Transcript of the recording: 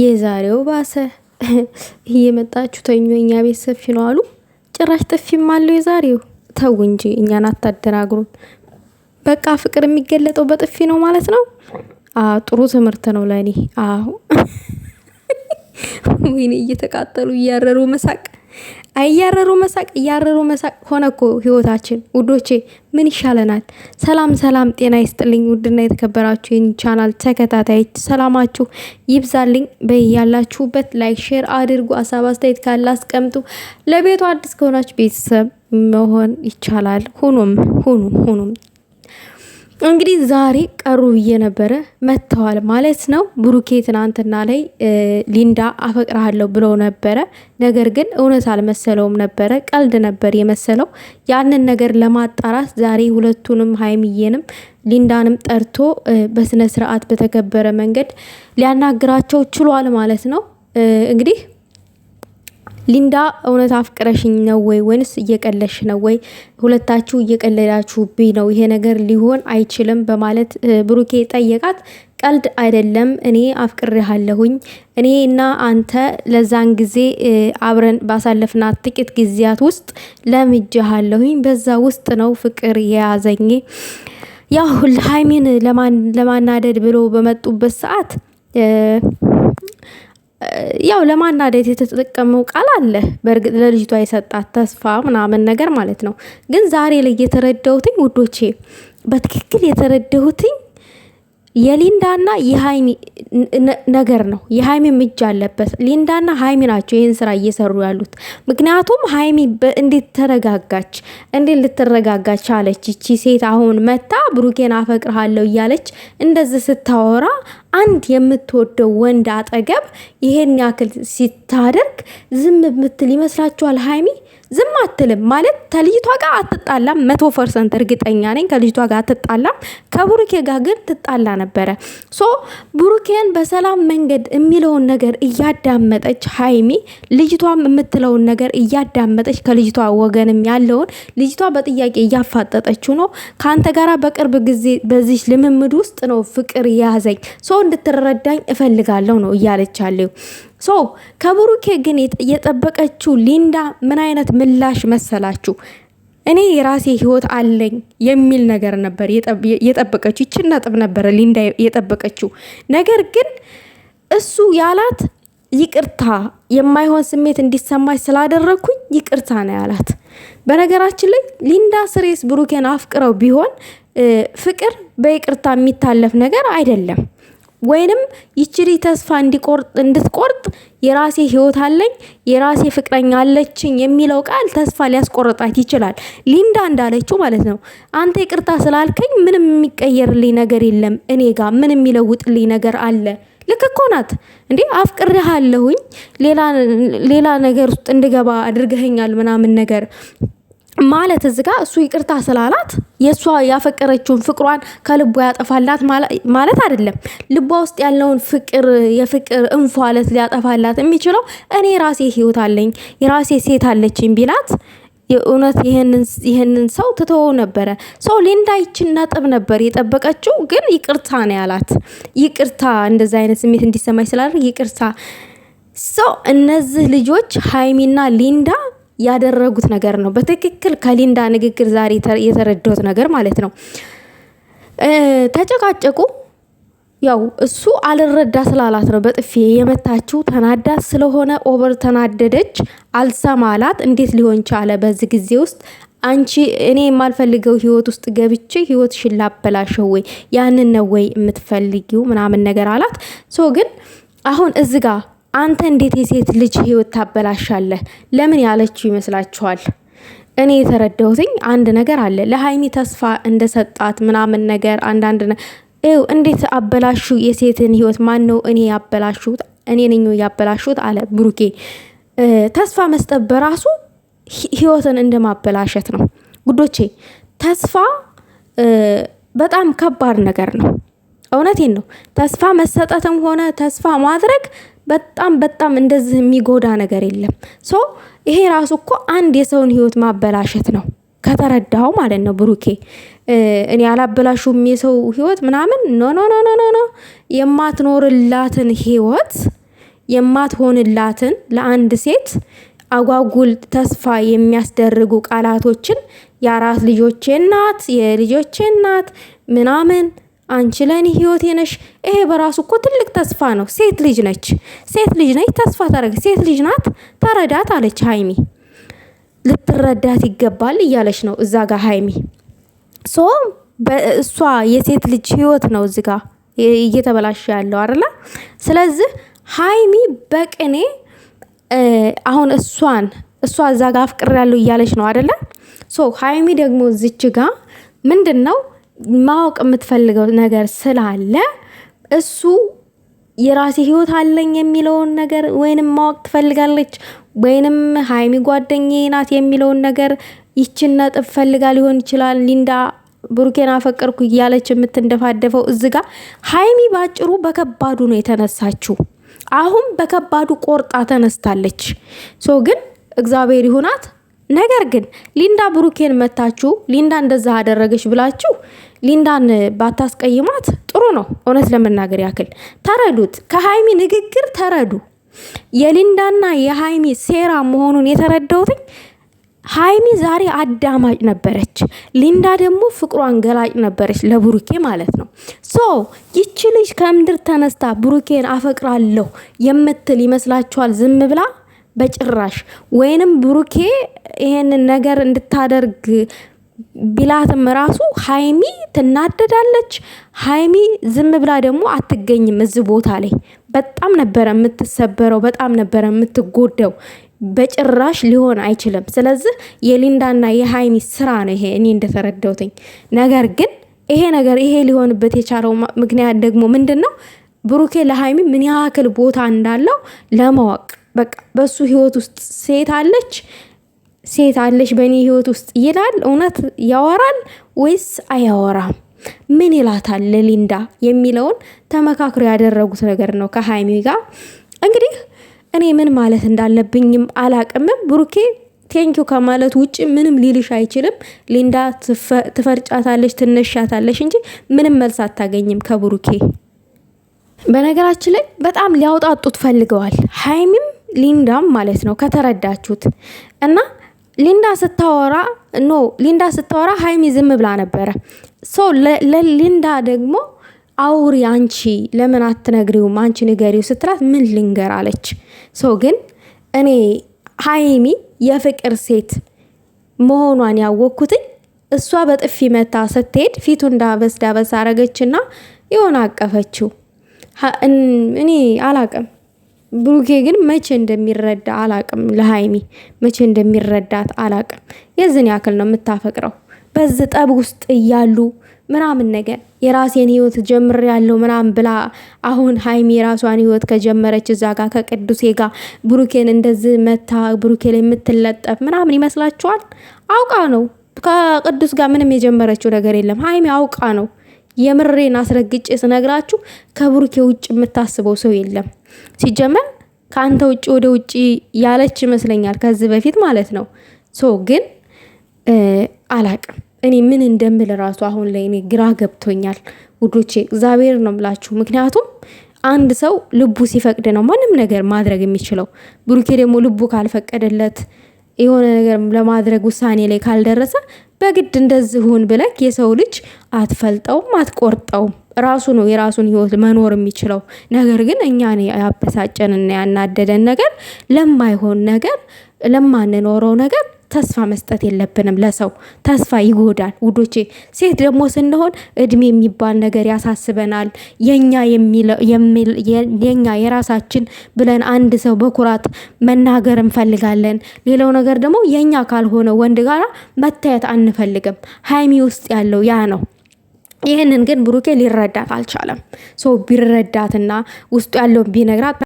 የዛሬው ባሰ። እየመጣችሁ ተኙ፣ እኛ ቤት ሰፊ ነው አሉ። ጭራሽ ጥፊም አለው የዛሬው። ተው እንጂ እኛን አታደናግሩን። በቃ ፍቅር የሚገለጠው በጥፊ ነው ማለት ነው። ጥሩ ትምህርት ነው ለእኔ። አሁ ወይኔ እየተቃጠሉ እያረሩ መሳቅ እያረሩ መሳቅ እያረሩ መሳቅ ሆነ እኮ ህይወታችን ውዶቼ፣ ምን ይሻለናል? ሰላም ሰላም፣ ጤና ይስጥልኝ ውድና የተከበራችሁ ይህን ቻናል ተከታታዮች ሰላማችሁ ይብዛልኝ። በያላችሁበት ላይክ፣ ሼር አድርጉ። ሀሳብ አስተያየት ካለ አስቀምጡ። ለቤቱ አዲስ ከሆናችሁ ቤተሰብ መሆን ይቻላል። ሁኑም ሁኑም ሁኑም እንግዲህ ዛሬ ቀሩ ብዬ ነበረ መጥተዋል ማለት ነው። ብሩኬ ትናንትና ላይ ሊንዳ አፈቅርሃለሁ ብለው ነበረ። ነገር ግን እውነት አልመሰለውም ነበረ፣ ቀልድ ነበር የመሰለው። ያንን ነገር ለማጣራት ዛሬ ሁለቱንም ሀይሚዬንም ሊንዳንም ጠርቶ በስነ ስርዓት በተከበረ መንገድ ሊያናግራቸው ችሏል ማለት ነው እንግዲህ ሊንዳ እውነት አፍቅረሽኝ ነው ወይ ወይንስ እየቀለሽ ነው ወይ? ሁለታችሁ እየቀለዳችሁብኝ ነው፣ ይሄ ነገር ሊሆን አይችልም በማለት ብሩኬ ጠየቃት። ቀልድ አይደለም፣ እኔ አፍቅሬሃለሁኝ። እኔ እና አንተ ለዛን ጊዜ አብረን ባሳለፍናት ጥቂት ጊዜያት ውስጥ ለምጄሃለሁኝ። በዛ ውስጥ ነው ፍቅር የያዘኝ። ያው ሀይሚን ለማናደድ ብሎ በመጡበት ሰዓት ያው ለማናደድ የተጠቀመው ቃል አለ። በእርግጥ ለልጅቷ የሰጣት ተስፋ ምናምን ነገር ማለት ነው። ግን ዛሬ ላይ የተረዳሁትኝ ውዶቼ፣ በትክክል የተረዳሁትኝ የሊንዳና የሀይሚ ነገር ነው። የሀይሚም እጅ አለበት። ሊንዳና ሀይሚ ናቸው ይህን ስራ እየሰሩ ያሉት። ምክንያቱም ሀይሚ እንዴት ተረጋጋች? እንዴት ልትረጋጋች አለች? ይቺ ሴት አሁን መታ ብሩኬን አፈቅርሃለሁ እያለች እንደዚህ ስታወራ አንድ የምትወደው ወንድ አጠገብ ይሄን ያክል ሲታደርግ ዝም ምትል ይመስላችኋል? ሀይሚ ዝም አትልም ማለት ከልጅቷ ጋር አትጣላም። መቶ ፐርሰንት እርግጠኛ ነኝ ከልጅቷ ጋር አትጣላም። ከቡሩኬ ጋር ግን ትጣላ ነበረ። ሶ ቡሩኬን በሰላም መንገድ የሚለውን ነገር እያዳመጠች ሀይሚ ልጅቷም የምትለውን ነገር እያዳመጠች ከልጅቷ ወገንም ያለውን ልጅቷ በጥያቄ እያፋጠጠችው ነው። ከአንተ ጋራ በቅርብ ጊዜ በዚህ ልምምድ ውስጥ ነው ፍቅር የያዘኝ ሶ እንድትረዳኝ እፈልጋለሁ ነው እያለቻለሁ። ሶ ከብሩኬ ግን የጠበቀችው ሊንዳ ምን አይነት ምላሽ መሰላችሁ? እኔ የራሴ ህይወት አለኝ የሚል ነገር ነበር የጠበቀችው። ይችን ነጥብ ነበረ ሊንዳ የጠበቀችው። ነገር ግን እሱ ያላት ይቅርታ የማይሆን ስሜት እንዲሰማች ስላደረግኩኝ ይቅርታ ነው ያላት። በነገራችን ላይ ሊንዳ ስሬስ ብሩኬን አፍቅረው ቢሆን ፍቅር በይቅርታ የሚታለፍ ነገር አይደለም። ወይንም ይችሪ ተስፋ እንድትቆርጥ የራሴ ህይወት አለኝ የራሴ ፍቅረኛ አለችኝ የሚለው ቃል ተስፋ ሊያስቆርጣት ይችላል። ሊንዳ እንዳለችው ማለት ነው። አንተ ይቅርታ ስላልከኝ ምንም የሚቀየርልኝ ነገር የለም፣ እኔ ጋር ምን የሚለውጥልኝ ነገር አለ? ልክ እኮ ናት እንዴ! አፍቅሬሃለሁኝ ሌላ ነገር ውስጥ እንድገባ አድርገኸኛል ምናምን ነገር ማለት እዚ ጋር እሱ ይቅርታ ስላላት የእሷ ያፈቀረችውን ፍቅሯን ከልቧ ያጠፋላት ማለት አይደለም። ልቧ ውስጥ ያለውን ፍቅር የፍቅር እንፏለት ሊያጠፋላት የሚችለው እኔ ራሴ ህይወት አለኝ የራሴ ሴት አለችኝ ቢላት የእውነት ይህንን ሰው ትተወው ነበረ። ሰው ሊንዳይችን ይችን ነጥብ ነበር የጠበቀችው፣ ግን ይቅርታ ነው ያላት። ይቅርታ እንደዚ አይነት ስሜት እንዲሰማኝ ስላደርግ ይቅርታ ሰው እነዚህ ልጆች ሀይሚና ሊንዳ ያደረጉት ነገር ነው። በትክክል ከሊንዳ ንግግር ዛሬ የተረዳሁት ነገር ማለት ነው። ተጨቃጨቁ። ያው እሱ አልረዳ ስላላት ነው በጥፊ የመታችው። ተናዳ ስለሆነ ኦቨር ተናደደች። አልሰማላት። እንዴት ሊሆን ቻለ በዚህ ጊዜ ውስጥ አንቺ እኔ የማልፈልገው ህይወት ውስጥ ገብቼ ህይወትሽን ላበላሸው ወይ ያንን ነው ወይ የምትፈልጊው ምናምን ነገር አላት። ሶ ግን አሁን እዚ ጋር አንተ እንዴት የሴት ልጅ ህይወት ታበላሻለህ? ለምን ያለችው ይመስላችኋል? እኔ የተረዳሁትኝ አንድ ነገር አለ። ለሀይሚ ተስፋ እንደሰጣት ምናምን ነገር አንዳንድ ው እንዴት አበላሹ የሴትን ህይወት ማን ነው እኔ ያበላሹት? እኔ ነኝ ያበላሹት አለ ብሩኬ። ተስፋ መስጠት በራሱ ህይወትን እንደማበላሸት ነው ጉዶቼ። ተስፋ በጣም ከባድ ነገር ነው። እውነቴን ነው። ተስፋ መሰጠትም ሆነ ተስፋ ማድረግ በጣም በጣም እንደዚህ የሚጎዳ ነገር የለም። ሶ ይሄ ራሱ እኮ አንድ የሰውን ህይወት ማበላሸት ነው ከተረዳው ማለት ነው። ብሩኬ እኔ አላበላሹም የሰው ህይወት ምናምን ኖ ኖ ኖ ኖ ኖ የማትኖርላትን ህይወት የማትሆንላትን ለአንድ ሴት አጓጉል ተስፋ የሚያስደርጉ ቃላቶችን የአራት ልጆቼ እናት የልጆቼ እናት ምናምን አንቺ ለእኔ ህይወቴ ነሽ። ይሄ በራሱ እኮ ትልቅ ተስፋ ነው። ሴት ልጅ ነች፣ ሴት ልጅ ነች። ተስፋ ታረግ፣ ሴት ልጅ ናት። ተረዳት አለች ሀይሚ። ልትረዳት ይገባል እያለች ነው እዛ ጋር ሀይሚ። ሶ እሷ የሴት ልጅ ህይወት ነው እዚ ጋ እየተበላሸ ያለው አይደለ? ስለዚህ ሀይሚ በቅኔ አሁን እሷን እሷ እዛ ጋር አፍቅር ያለው እያለች ነው አይደለ? ሶ ሀይሚ ደግሞ እዚች ጋ ምንድን ነው ማወቅ የምትፈልገው ነገር ስላለ እሱ የራሴ ህይወት አለኝ የሚለውን ነገር ወይንም ማወቅ ትፈልጋለች፣ ወይንም ሀይሚ ጓደኛዬ ናት የሚለውን ነገር ይችን ነጥብ ፈልጋ ሊሆን ይችላል። ሊንዳ ብሩኬን አፈቀርኩ እያለች የምትንደፋደፈው እዚ ጋ ሀይሚ ባጭሩ በከባዱ ነው የተነሳችው። አሁን በከባዱ ቆርጣ ተነስታለች። ሶ ግን እግዚአብሔር ይሁናት። ነገር ግን ሊንዳ ብሩኬን መታችሁ፣ ሊንዳ እንደዛ አደረገች ብላችሁ ሊንዳን ባታስቀይማት ጥሩ ነው። እውነት ለመናገር ያክል ተረዱት። ከሀይሚ ንግግር ተረዱ። የሊንዳና የሀይሚ ሴራ መሆኑን የተረዳውትኝ ሀይሚ ዛሬ አዳማጭ ነበረች፣ ሊንዳ ደግሞ ፍቅሯን ገላጭ ነበረች ለብሩኬ ማለት ነው። ሶ ይቺ ልጅ ከምድር ተነስታ ብሩኬን አፈቅራለሁ የምትል ይመስላችኋል? ዝም ብላ በጭራሽ። ወይንም ብሩኬ ይሄንን ነገር እንድታደርግ ቢላትም ራሱ ሀይሚ ትናደዳለች። ሀይሚ ዝም ብላ ደግሞ አትገኝም። እዚህ ቦታ ላይ በጣም ነበረ የምትሰበረው፣ በጣም ነበረ የምትጎደው። በጭራሽ ሊሆን አይችልም። ስለዚህ የሊንዳና የሀይሚ ስራ ነው ይሄ እኔ እንደተረዳውትኝ። ነገር ግን ይሄ ነገር ይሄ ሊሆንበት የቻለው ምክንያት ደግሞ ምንድን ነው? ብሩኬ ለሀይሚ ምን ያክል ቦታ እንዳለው ለማወቅ በቃ በሱ ህይወት ውስጥ ሴት አለች ሴት አለሽ በእኔ ህይወት ውስጥ ይላል? እውነት ያወራል ወይስ አያወራም? ምን ይላታል ለሊንዳ የሚለውን ተመካክሮ ያደረጉት ነገር ነው ከሀይሚ ጋር። እንግዲህ እኔ ምን ማለት እንዳለብኝም አላቅምም። ብሩኬ ቴንኪው ከማለት ውጭ ምንም ሊልሽ አይችልም። ሊንዳ ትፈርጫታለሽ፣ ትነሻታለሽ እንጂ ምንም መልስ አታገኝም ከብሩኬ። በነገራችን ላይ በጣም ሊያውጣጡት ፈልገዋል ሀይሚም ሊንዳም ማለት ነው ከተረዳችሁት እና ሊንዳ ስታወራ ኖ ሊንዳ ስታወራ ሀይሚ ዝም ብላ ነበረ። ሶ ለሊንዳ ደግሞ አውሪ አንቺ ለምን አትነግሪውም? አንቺ ንገሪው ስትላት ምን ልንገር አለች። ሶ ግን እኔ ሀይሚ የፍቅር ሴት መሆኗን ያወቅኩትኝ እሷ በጥፊ መታ ስትሄድ ፊቱ እንዳበስ ዳበስ አረገችና የሆነ አቀፈችው። እኔ አላቅም። ብሩኬ ግን መቼ እንደሚረዳ አላቅም። ለሀይሚ መቼ እንደሚረዳት አላቅም። የዝን ያክል ነው የምታፈቅረው በዝ ጠብ ውስጥ እያሉ ምናምን ነገር የራሴን ህይወት ጀምር ያለው ምናምን ብላ አሁን ሀይሚ የራሷን ህይወት ከጀመረች እዛ ጋር ከቅዱሴ ጋር ብሩኬን እንደዚህ መታ ብሩኬ ላይ የምትለጠፍ ምናምን ይመስላችኋል? አውቃ ነው። ከቅዱስ ጋር ምንም የጀመረችው ነገር የለም። ሀይሚ አውቃ ነው። የምሬን አስረግጬ ስነግራችሁ ከብሩኬ ውጭ የምታስበው ሰው የለም። ሲጀመር ከአንተ ውጭ ወደ ውጭ ያለች ይመስለኛል ከዚህ በፊት ማለት ነው። ሶ ግን አላቅም እኔ ምን እንደምል ራሱ አሁን ላይ እኔ ግራ ገብቶኛል ውዶቼ፣ እግዚአብሔር ነው የምላችሁ። ምክንያቱም አንድ ሰው ልቡ ሲፈቅድ ነው ማንም ነገር ማድረግ የሚችለው። ብሩኬ ደግሞ ልቡ ካልፈቀደለት የሆነ ነገር ለማድረግ ውሳኔ ላይ ካልደረሰ በግድ ሁን ብለክ የሰው ልጅ አትፈልጠውም፣ አትቆርጠውም። ራሱ ነው የራሱን ህይወት መኖር የሚችለው። ነገር ግን እኛን ያበሳጨንና ያናደደን ነገር ለማይሆን ነገር ለማንኖረው ነገር ተስፋ መስጠት የለብንም። ለሰው ተስፋ ይጎዳል ውዶቼ። ሴት ደግሞ ስንሆን እድሜ የሚባል ነገር ያሳስበናል። የኛ የኛ የራሳችን ብለን አንድ ሰው በኩራት መናገር እንፈልጋለን። ሌላው ነገር ደግሞ የኛ ካልሆነ ወንድ ጋር መታየት አንፈልግም። ሀይሚ ውስጥ ያለው ያ ነው። ይህንን ግን ብሩኬ ሊረዳት አልቻለም። ሰው ቢረዳትና ውስጡ ያለውን ቢነግራት